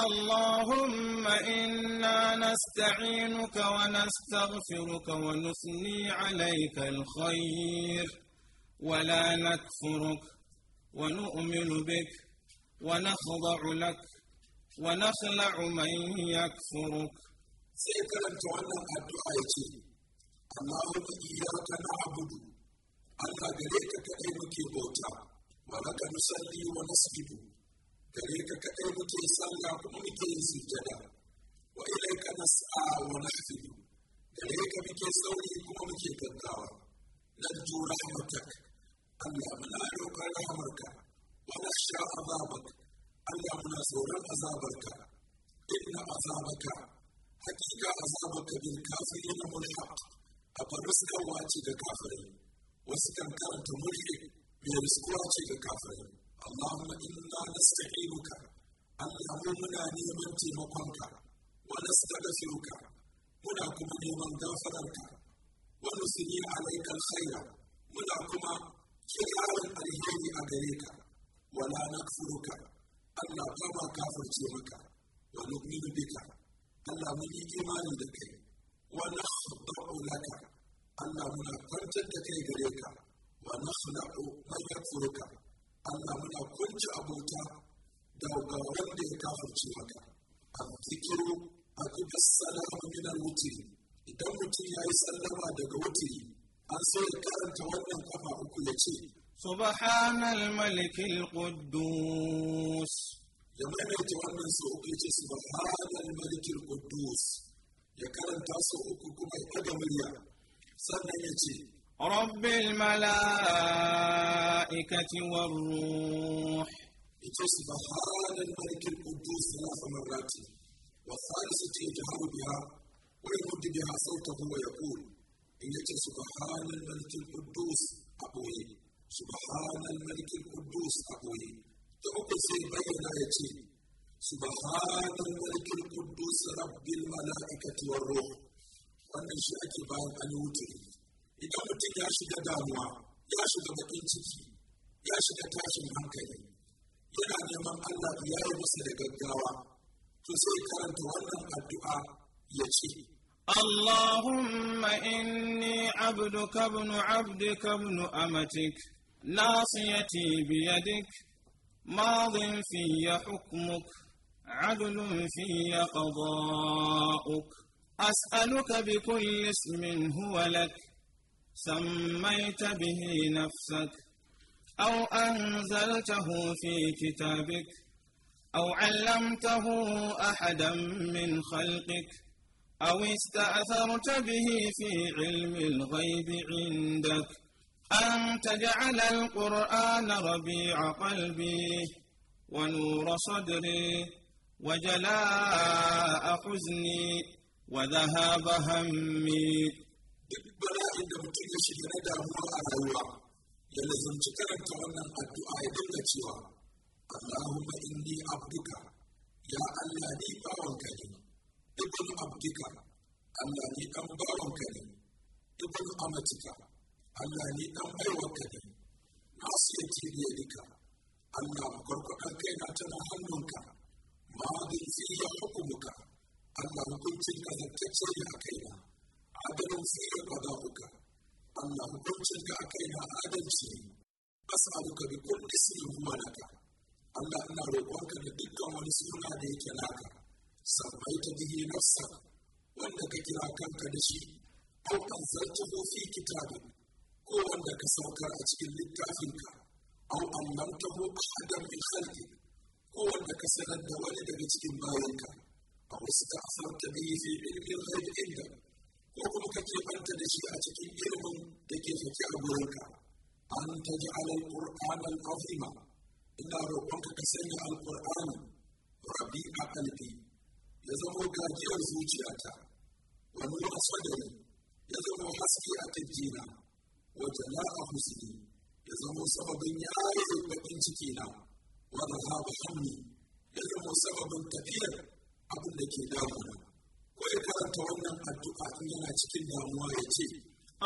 اللهم إنا نستعينك ونستغفرك ونثني عليك الخير ولا نكفرك ونؤمن بك ونخضع لك ونخلع من يكفرك سيكرمت عنا الدعايتي اللهم إياك نعبد أنت بريك كأيمك بوتا ولك نصلي ونسجد gare ka kaɗai muke sallah kuma muke yin sujjada wa ilaika nas'a wa nahfidu gare ka muke sauri kuma muke gaggawa narju rahmatak Allah muna roƙon rahamarka wa nakhsha azabak Allah muna tsoron azabarka inna azabaka hakika azabaka bil kafirin mulhaq a faruskan wace ga kafirai wasu kan karanta mulhaq mai riskuwa ce ga kafirai اللهم انا نستعينك ان نعمنا في مقامك ونستغفرك هنا كما نعم غفرك ونثني عليك الخير هنا كما كلام الهي عليك ولا نكفرك أن كما كفر شيخك ونؤمن بك أن من ايمان لك ونخضع لك أن من قرتك كي ونخلع من يكفرك Allah muna kunci abota da ga wanda ya kafirce maka a zikiru a kuma salama min al-wutri idan mutum ya yi sallama daga wutri an so ya karanta wannan kafa uku ya ce سبحان الملك القدوس لما يأتي وانا سوق سبحان الملك القدوس يكرم تاسو كما يقدم اليوم سنة يأتي رب الملائكة والروح سبحان الملك القدوس ثلاث مرات والثالثة يجهر بها ويمد بها صوته ويقول إن سبحان الملك القدوس أبوي سبحان الملك القدوس أبوي تأكل في بين آيتي سبحان الملك القدوس رب الملائكة والروح وأن شاكي أن يوتري idan mutum ya shiga damuwa ya shiga bakin ciki ya shiga tashin hankali yana neman Allah ya yi masa da gaggawa to sai karanta wannan addu'a ya ce اللهم إني عبدك ابن عبدك ابن أمتك ناصيتي بيدك ماض في حكمك عدل في قضاؤك أسألك بكل اسم هو لك سميت به نفسك أو أنزلته في كتابك أو علمته أحدا من خلقك أو استأثرت به في علم الغيب عندك أن تجعل القرآن ربيع قلبي ونور صدري وجلاء حزني وذهاب همي sa'in da mutum ya shiga na damuwa a rayuwa ya lazumci karanta wannan addu'a ya dinga cewa Allahumma inni abduka ya Allah ni bawanka ne ibn abdika Allah ni dan bawanka ne ibn amatika Allah ni dan baiwanka ne nasiyati biyadika Allah makarkwadan kaina tana hannunka ma'adin fiya hukumuka Allah hukuncin kazantacce ne a kaina أوفي قضاؤك الله كنتك أكينا آدلتي أسألك بكل اسم هو لك الله أنا روحك لدك ونسونا ليك لك سميت به نفسك وأنك كلا كنك لشي أو أنزلته في كتابك ko wanda ka saukar a cikin littafinka au ammantahu ahadan min khalqik ko wanda ka sanar da wani daga cikin bayanka a wasu ta asarta bihi fi ilmin ghaib inda ko kuma ka keɓanta da shi a cikin ilimin da ke fake a gurinka an ta ji alal ƙur'an al'azima ina roƙonka ka sanya alƙur'an rabi a kalbi ya zama gajiyar zuciyata wani sadari ya zama haske a kirjina wajen la'a husni ya zama sababin yaye baƙin cikina wani haɓa hamni ya zama sababin tafiyar abin da ke damuna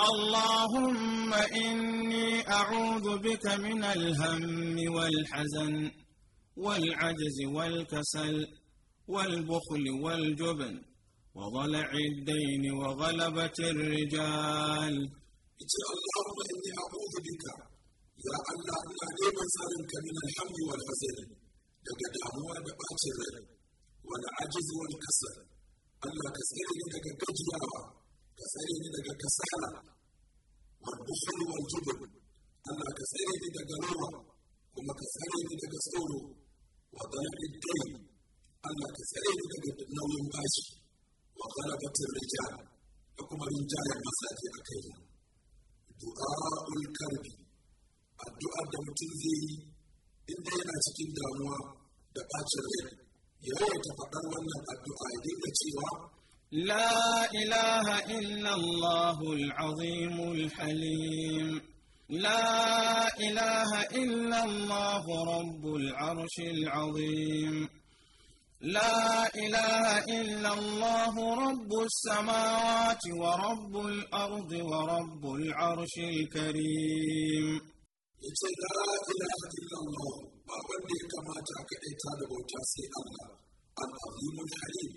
اللهم إني أعوذ بك من الهم والحزن والعجز والكسل والبخل والجبن وضلع الدين وغلبة الرجال اللهم إني أعوذ بك يا الله لا لما سألك من الهم والحزن لقد أموال باطل والعجز والكسل Allah ka tsare ni daga gajiyawa ka tsare ni daga kasala wal bukhul wal jubn Allah ka tsare ni daga rawa kuma ka tsare ni daga tsoro wa dalil dayn Allah ka tsare ni daga nauyin bashi wa ghalabatir rijal da kuma rinjayen mazaje a kai du'a'ul karbi addu'ar da mutum zai yi inda yana cikin damuwa da bacin rai لا إله إلا الله العظيم الحليم لا إله إلا الله رب العرش العظيم لا إله إلا الله رب السماوات ورب الأرض ورب العرش الكريم لا إله إلا الله ba wanda ya kamata a kaɗaita da bauta sai Allah al-azimul halim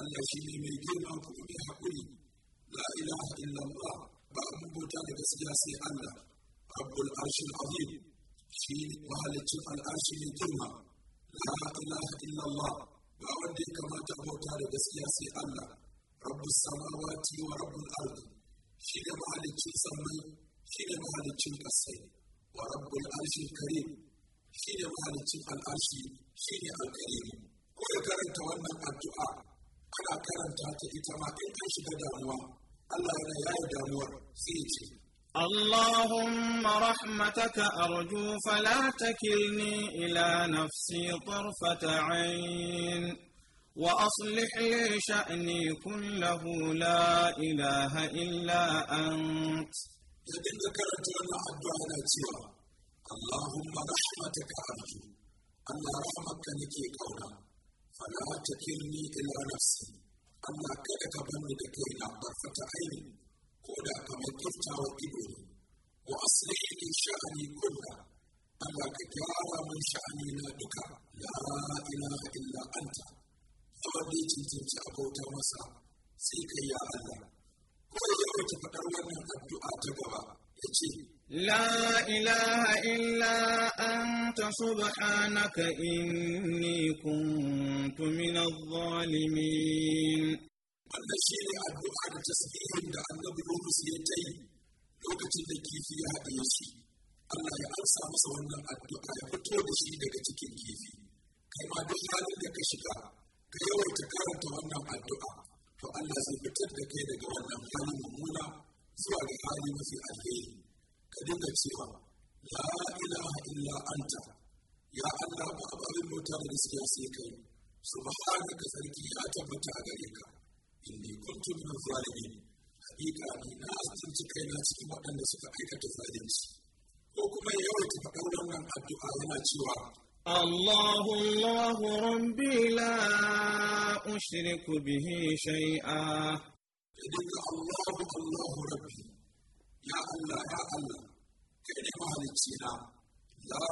Allah shi ne mai girma kuma mai haƙuri la ilaha illallah ba abin bauta da gaskiya sai Allah rabbul arshil azim shi ne mahalicin al'arshi mai girma la ilaha illallah ba wanda ya kamata bauta da gaskiya sai Allah rabbus samawati wa rabbul ardi shi ne mahalicin sammai shi ne mahalicin ƙasai wa rabbul arshil karim shine ne mahalicin al'arshi shi ne ko ya karanta wannan addu'a ana karanta ta ita ma in kan shiga damuwa Allah yana yayi damuwar sai ya ce اللهم رحمتك أرجو فلا تكلني إلى نفسي طرفة عين وأصلح لي شأني كله لا إله إلا أنت. اللهم رحمتك أرجو أن رحمك نكي قولا فلا تكلني إلى نفسي أما كذا كبني لكينا طرفة عيني كودا كما كفتا وكبري وأصلح لي شأني كله أما كجارة من شأني لا بك لا إله إلا أنت فردي تنتمت أبوتا مسا سيكي يا الله كل يوم تفكر أن الدعاء تقوى يجي لا إله إلا أنت سبحانك إني كنت من الظالمين wannan shi ne addu'a da tasbihin da annabi Yunus ya ta yi lokacin da kifi ya haɗe shi Allah ya amsa masa wannan addu'a ya fito da shi daga cikin kifi kai ma duk halin da ka shiga ka yawaita karanta wannan addu'a to Allah zai fitar da kai daga wannan halin mummuna zuwa ga hali mafi alheri كدنك سيوا لا إله إلا أنت يا الله بابا بالموتى للسياسي كي سبحانك فلكي يا تبت عليك إني كنت من الظالمين حقيقة أني نازل تكينا تكي وأن سكايك تفادنش وكما يوتي فقولا من الدعاء هنا سيوا الله الله ربي لا أشرك به شيئا الله الله ربي يا الله يا الله فعل مهلكينا لا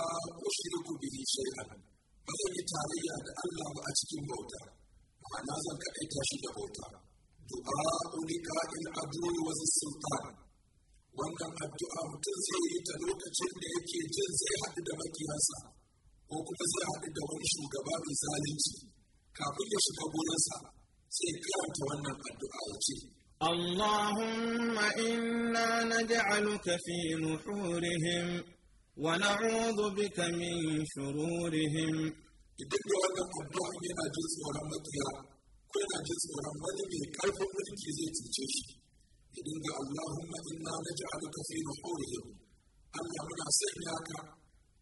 أشرك به شيئا بذل تاريا الله وأتكم بوتا معنى ذلك إتاشي بوتا دعاء لقاء العدو وذي السلطان wannan addu'a mutum zai yi ta lokacin da yake jin zai haɗu da makiyansa ko kuma zai haɗu da wani shugaba mai zalunci kafin ya shiga gonarsa sai karanta wannan addu'a ya ce اللهم إنا نجعلك في نحورهم ونعوذ بك من شرورهم اللهم إنا نجعلك في نحورهم أن يعمل سيئك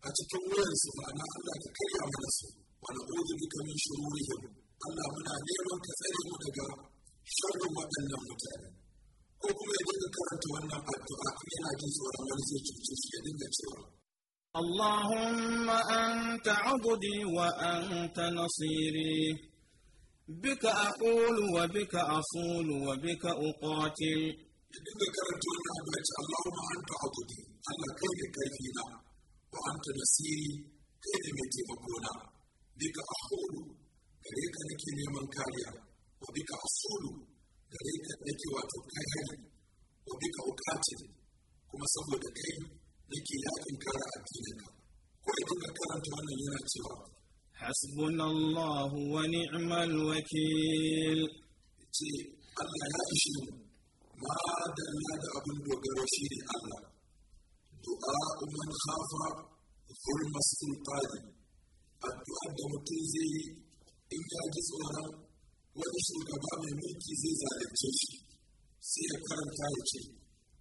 أتكون وين سبحانه الله تكري عمل سوء ونعوذ بك من شرورهم أن يعمل نيرا كثيرا sharrin waɗannan mutane ko kuma ya dinga karanta wannan addu'a yana jin tsoron wani zai cuce shi ya dinga cewa اللهم أنت عبدي وأنت نصيري بك أقول وبك أصول وبك أقاتل اللهم أنت عبدي أنا كيف كيفنا وأنت نصيري كيف متي بك أقول كريك لك من كاريا وبك أصول gare ka nake wato kai hari wa bika ukatil kuma saboda kai nake yakin kara addinin ka ko idan ka karanta wannan yana cewa حسبنا الله ونعم الوكيل ce Allah ya ishe mu ma dalla da abin dogaro shi ne Allah du'a man khafa zulma sultani addu'a da mutum zai yi in ya ji tsoron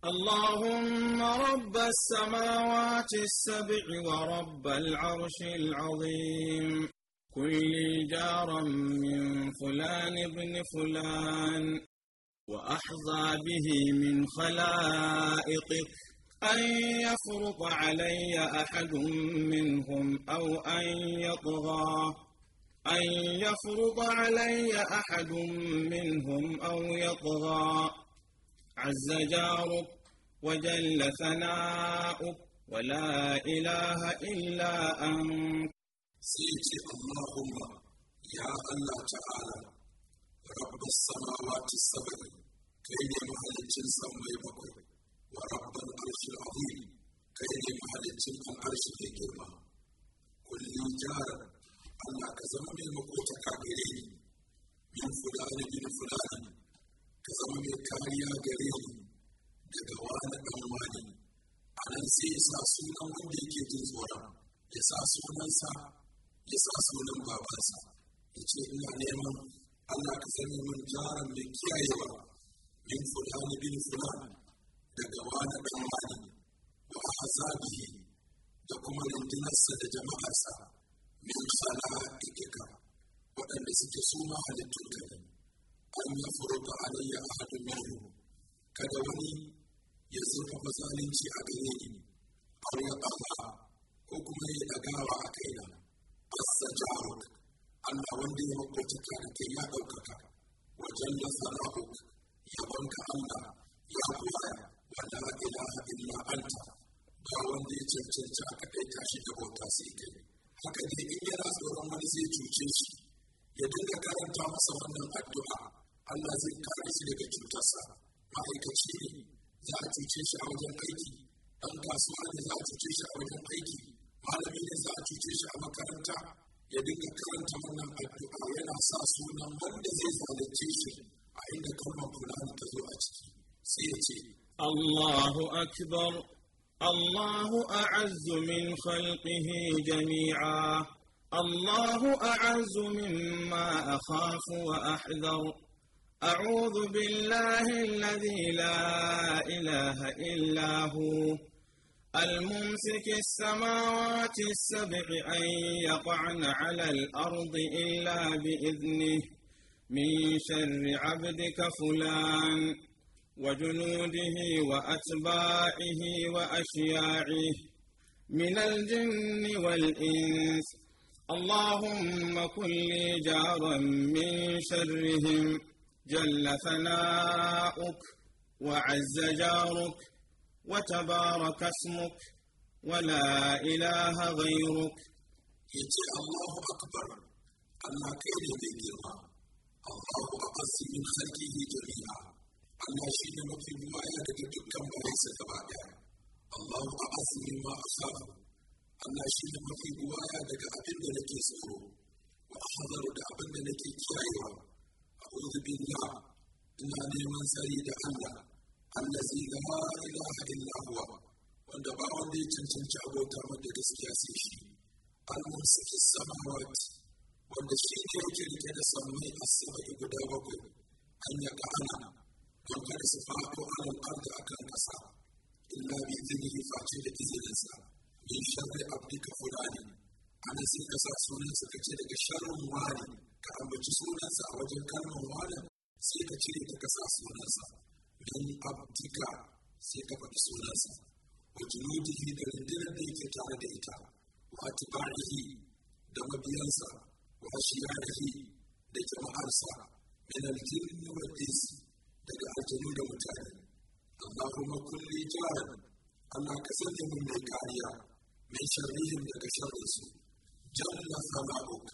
اللهم رب السماوات السبع ورب العرش العظيم كن لي جارا من فلان ابن فلان وأحظى به من خلائقك أن يفرط علي أحد منهم أو أن يطغى أن يفرض علي أحد منهم أو يطغى عز جارك وجل ثناؤك ولا إله إلا أنت سيدي اللهم يا الله تعالى رب السماوات السبع كيد محل الجنس ويبقى ورب العرش العظيم كين مهلة العرش في كل جارك Allah ka zama mai makotaka gare ni min fulani bin fulani ka zama mai kariya gare ni daga wani ɗan wani a nan sai ya sa sunan wanda yake jin tsoron ya sa sunansa ya sa sunan babansa ya ce ina neman Allah ka zama min jaran mai kiyayewa min fulani bin fulani daga wani ɗan wani wa azabihi da kuma rundunarsa da jama'arsa من خلائقك وأن استسوم على التلك أن يفرض علي أحد منهم كدوني يزرق فزالين في أبيني أو يقطع حكمي أقاوى أكينا أستجارك أن وندي انت يا يأوكك وجل يا يبنك الله يا قوايا ولا إله إلا أنت ba wanda ya cancanci aka ɗaita haka dai in yana tsoron wani zai cuce shi ya dinga karanta masa wannan addu'a Allah zai kare shi daga cutarsa ma'aikaci ne za a cuce shi a wajen aiki ɗan kasuwa ne za a cuce shi a wajen aiki malami ne za a cuce shi a makaranta ya dinga karanta wannan addu'a yana sa sunan wanda zai zalunce shi a inda kalmar fulani ta zo a ciki sai ya ce Allahu akbar الله أعز من خلقه جميعا الله أعز مما أخاف وأحذر أعوذ بالله الذي لا إله إلا هو الممسك السماوات السبع أن يقعن على الأرض إلا بإذنه من شر عبدك فلان وجنوده وأتباعه وأشياعه من الجن والإنس اللهم كن لي جارا من شرهم جل ثناؤك وعز جارك وتبارك اسمك ولا إله غيرك يجي الله أكبر أن كان الله الله من خلقه جميعا Allah shi ne mafi buwaya daga dukkan bayansa gaba ɗaya. Allahu a'azu mimma akhafu. Allah shi ne mafi buwaya daga abin da nake tsoro. Wa ahzaru da abin da nake kiyayewa. A'udhu billah ina neman tsari da Allah. Allazi la ilaha illa huwa. Wanda ba wanda ya cancanci abota da gaskiya sai shi. Al-Mumsiki samawati wanda shi ne yake rike da sammai a sama guda bakwai. Hanya ka ana تنتهي صفاته على الأرض أكل كسر إلا بإذنه فاجر إذن من شر عبدك فلان أنا سيك ساسونا سكتي لك شر واني كأما جسونا سأوجه كلمة وانا سيك تشري لك ساسونا من عبدك سيك فاجسونا وجنوده لندنا ديك تعرض إتا وأتباعه دم بيانسا وأشياعه لجماعة من الجن والإنس daga aljanu da mutane Allahumma kulli jahan Allah ka sanya mu mai kariya mai sharrihim daga sharrinsu jalla sama'uk